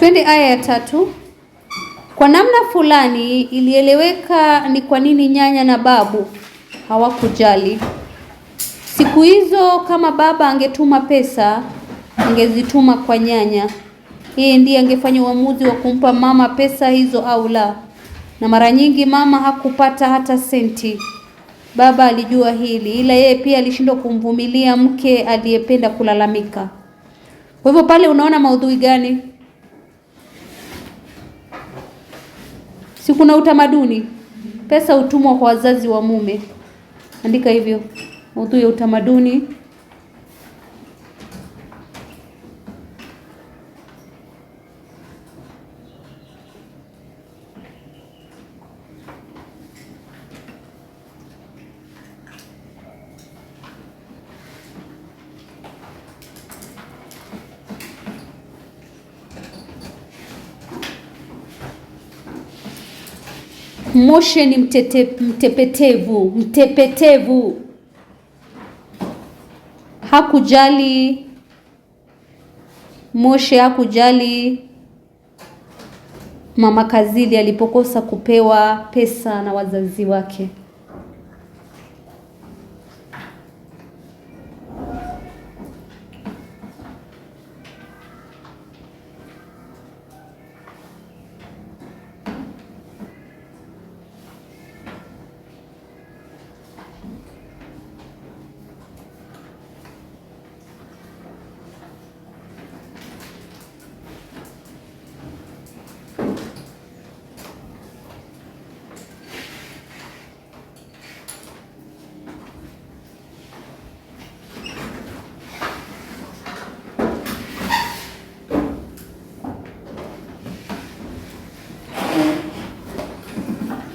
Twende aya ya tatu. Kwa namna fulani ilieleweka ni kwa nini nyanya na babu hawakujali. Siku hizo kama baba angetuma pesa, angezituma kwa nyanya. Yeye ndiye angefanya uamuzi wa kumpa mama pesa hizo au la, na mara nyingi mama hakupata hata senti. Baba alijua hili, ila yeye pia alishindwa kumvumilia mke aliyependa kulalamika. Kwa hivyo pale unaona maudhui gani? si kuna utamaduni, pesa hutumwa kwa wazazi wa mume. Andika hivyo, maudhui ya utamaduni Moshe ni mtete, mtepetevu mtepetevu, hakujali Moshe hakujali mama Kazili alipokosa kupewa pesa na wazazi wake.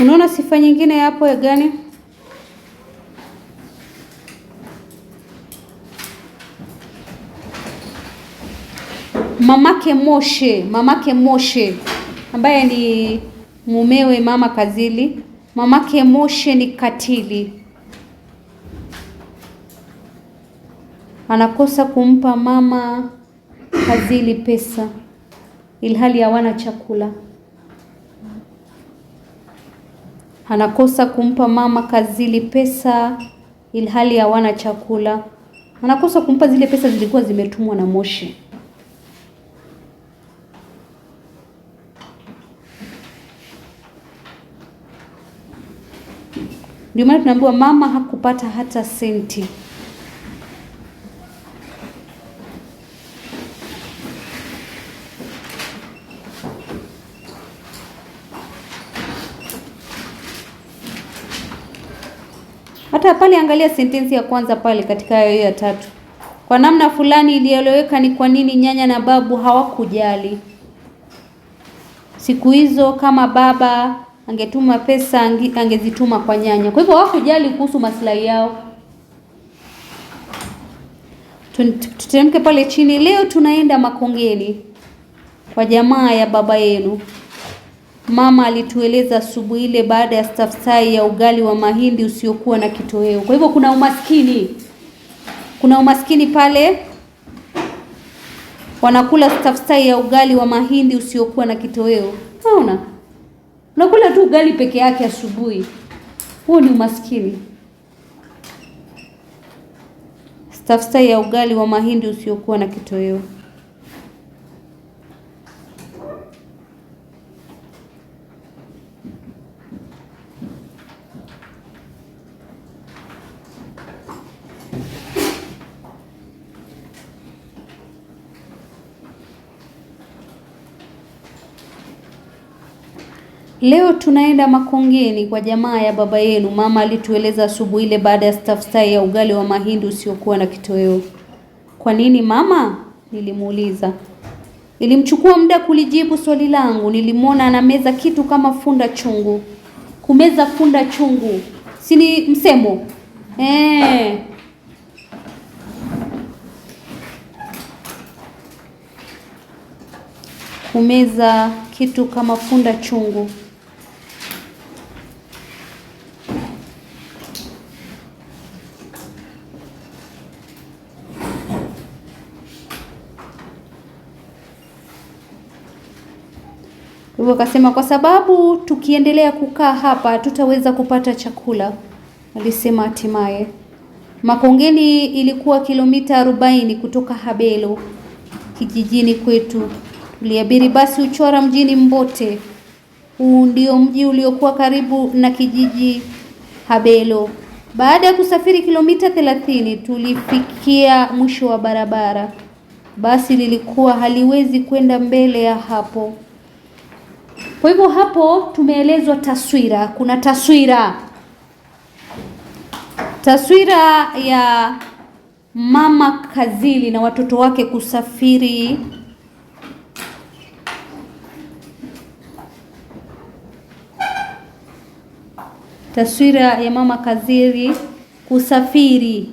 Unaona sifa nyingine hapo ya gani? Mamake Moshe, mamake Moshe ambaye ni mumewe mama Kazili, mamake Moshe ni katili, anakosa kumpa mama Kazili pesa ilhali hawana chakula. anakosa kumpa mama kazili pesa ilhali hawana chakula, anakosa kumpa zile pesa zilikuwa zimetumwa na Moshi. Ndio maana tunaambiwa mama hakupata hata senti. Hata pale, angalia sentensi ya kwanza pale katika hiyo ya tatu. Kwa namna fulani ilieleweka ni kwa nini nyanya na babu hawakujali siku hizo. Kama baba angetuma pesa angezituma kwa nyanya, kwa hivyo hawakujali kuhusu maslahi yao. Tuteremke pale chini. Leo tunaenda Makongeni kwa jamaa ya baba yenu mama alitueleza asubuhi ile baada ya staftahi ya ugali wa mahindi usiokuwa na kitoweo. Kwa hivyo kuna umaskini, kuna umaskini pale wanakula staftahi ya ugali wa mahindi usiokuwa na kitoweo. Unaona, unakula tu ugali peke yake asubuhi, huo ni umaskini. Staftahi ya ugali wa mahindi usiokuwa na kitoweo. Leo tunaenda Makongeni kwa jamaa ya baba yenu. Mama alitueleza asubuhi ile baada ya staftahi ya ugali wa mahindi usiokuwa na kitoweo. Kwa nini mama? Nilimuuliza. Ilimchukua muda kulijibu swali langu. Nilimwona anameza kitu kama funda chungu. Kumeza funda chungu si ni msemo eh? Kumeza kitu kama funda chungu. akasema kwa sababu tukiendelea kukaa hapa tutaweza kupata chakula, alisema hatimaye. Makongeni ilikuwa kilomita 40 kutoka Habelo kijijini kwetu. Tuliabiri basi uchora mjini Mbote. Huu ndio mji uliokuwa karibu na kijiji Habelo. Baada ya kusafiri kilomita 30 tulifikia mwisho wa barabara. Basi lilikuwa haliwezi kwenda mbele ya hapo. Kwa hivyo hapo tumeelezwa taswira, kuna taswira, taswira ya mama Kazili na watoto wake kusafiri taswira ya mama Kazili kusafiri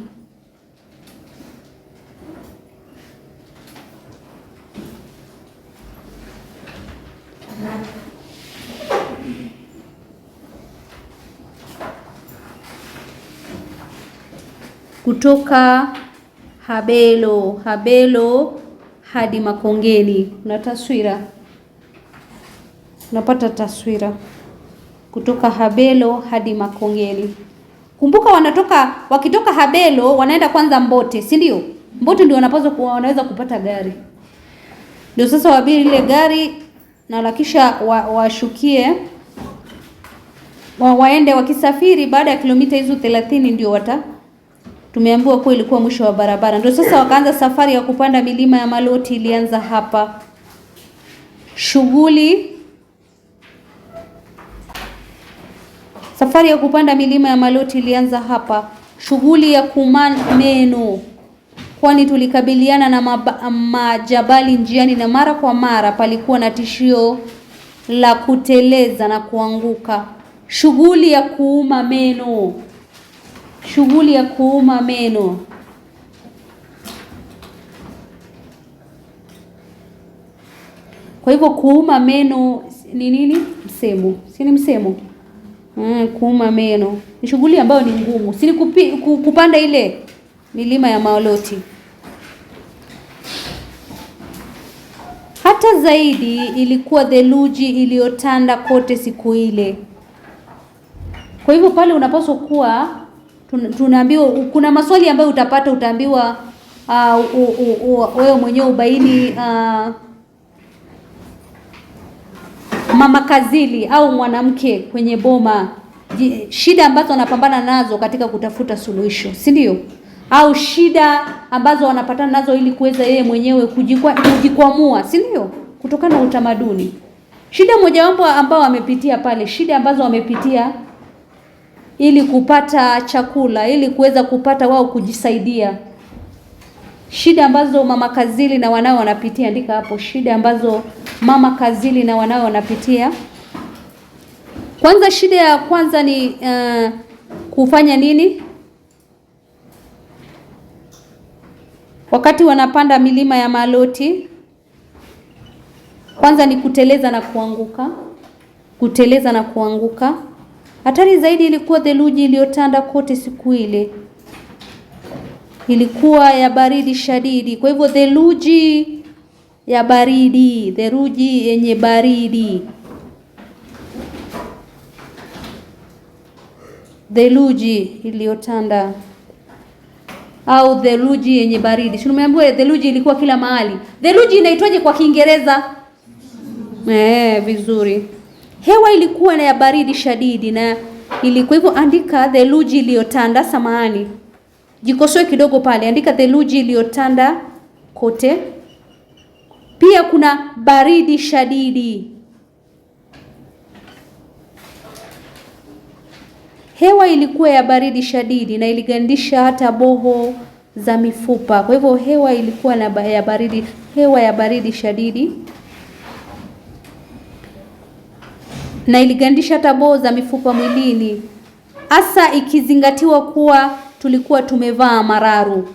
kutoka Habelo Habelo hadi Makongeni. Una taswira, unapata taswira kutoka Habelo hadi Makongeni. Kumbuka wanatoka wakitoka Habelo wanaenda kwanza Mbote, si ndio? Mbote ndio wanapaswa wanaweza kupata gari, ndio sasa wabiri lile gari na lakisha washukie wa wa, waende wakisafiri, baada ya kilomita hizo 30 ndio wata Tumeambiwa kuwa ilikuwa mwisho wa barabara, ndio sasa wakaanza safari ya kupanda milima ya Maloti. Ilianza hapa shughuli safari ya kupanda milima ya Maloti ilianza hapa, shughuli ya meno kwani tulikabiliana na majabali njiani na mara kwa mara palikuwa na tishio la kuteleza na kuanguka. Shughuli ya kuuma meno shughuli ya kuuma meno. Kwa hivyo kuuma meno ni nini? Msemo, si ni msemo? Mm, kuuma meno ni shughuli ambayo ni ngumu, si kupanda ile milima ya Maloti. Hata zaidi ilikuwa theluji iliyotanda kote siku ile. Kwa hivyo pale unapaswa kuwa tunaambiwa kuna maswali ambayo utapata, utaambiwa ah, wewe uh, mwenyewe ubaini uh, mama kazili au mwanamke kwenye boma shida ambazo wanapambana nazo katika kutafuta suluhisho, si ndio? Au shida ambazo wanapatana nazo ili kuweza yeye mwenyewe kujikwamua, si ndio? Kutokana na utamaduni, shida mojawapo ambao wamepitia pale, shida ambazo wamepitia ili kupata chakula, ili kuweza kupata wao kujisaidia. Shida ambazo mama Kazili na wanao wanapitia, andika hapo, shida ambazo mama Kazili na wanao wanapitia. Kwanza, shida ya kwanza ni uh, kufanya nini wakati wanapanda milima ya Maloti? Kwanza ni kuteleza na kuanguka, kuteleza na kuanguka. Hatari zaidi ilikuwa theluji iliyotanda kote siku ile, ilikuwa ya baridi shadidi. Kwa hivyo theluji ya baridi, theluji yenye baridi, theluji iliyotanda au theluji yenye baridi. Si nimeambiwa theluji ilikuwa kila mahali. Theluji inaitwaje kwa Kiingereza? Eh, vizuri. Hewa ilikuwa na ya baridi shadidi na ilikuwa hivyo. Andika theluji iliyotanda, samahani, jikosoe kidogo pale, andika theluji iliyotanda kote. Pia kuna baridi shadidi. Hewa ilikuwa ya baridi shadidi na iligandisha hata boho za mifupa. Kwa hivyo hewa ilikuwa na ya baridi, hewa ya baridi shadidi na iligandisha taboo za mifupa mwilini, hasa ikizingatiwa kuwa tulikuwa tumevaa mararu.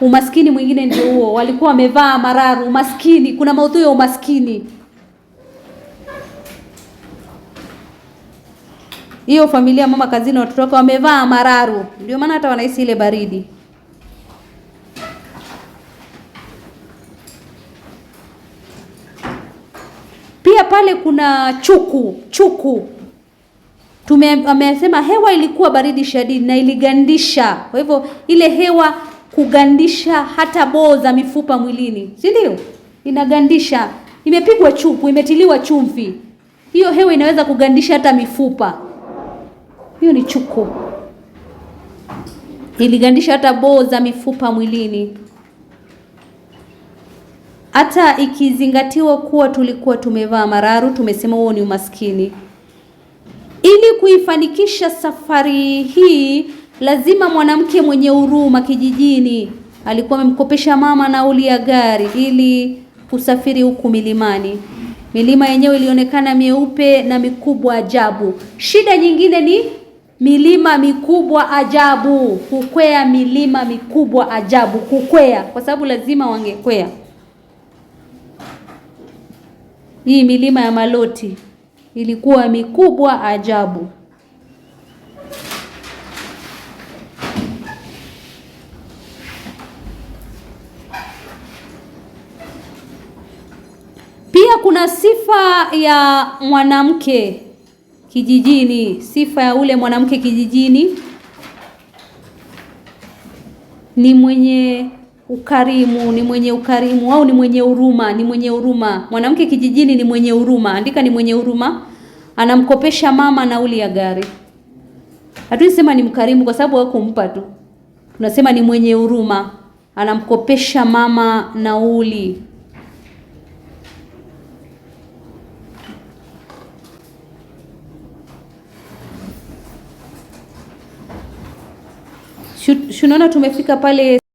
Umaskini mwingine ndio huo, walikuwa wamevaa mararu. Umaskini, kuna maudhui ya umaskini. Hiyo familia mama kazini, watoto wake wamevaa mararu, ndio maana hata wanahisi ile baridi. Ukiangalia pale kuna chuku chuku, amesema hewa ilikuwa baridi shadidi na iligandisha. Kwa hivyo ile hewa kugandisha hata boo za mifupa mwilini, si ndio? Inagandisha, imepigwa chuku imetiliwa chumvi, hiyo hewa inaweza kugandisha hata mifupa. Hiyo ni chuku, iligandisha hata boo za mifupa mwilini hata ikizingatiwa kuwa tulikuwa tumevaa mararu, tumesema huo ni umaskini. Ili kuifanikisha safari hii, lazima mwanamke mwenye huruma kijijini alikuwa amemkopesha mama nauli ya gari ili kusafiri huku milimani. Milima yenyewe ilionekana mieupe na mikubwa ajabu. Shida nyingine ni milima mikubwa ajabu, kukwea milima mikubwa ajabu, kukwea, kwa sababu lazima wangekwea. Hii milima ya Maloti ilikuwa mikubwa ajabu. Pia kuna sifa ya mwanamke kijijini. Sifa ya ule mwanamke kijijini ni mwenye ukarimu, ni mwenye ukarimu au ni mwenye huruma. Ni mwenye huruma. Mwanamke kijijini ni mwenye huruma, andika ni mwenye huruma. Anamkopesha mama nauli ya gari. Hatuwezi sema ni mkarimu kwa sababu hakumpa tu, tunasema ni mwenye huruma, anamkopesha mama nauli. Shunaona tumefika pale.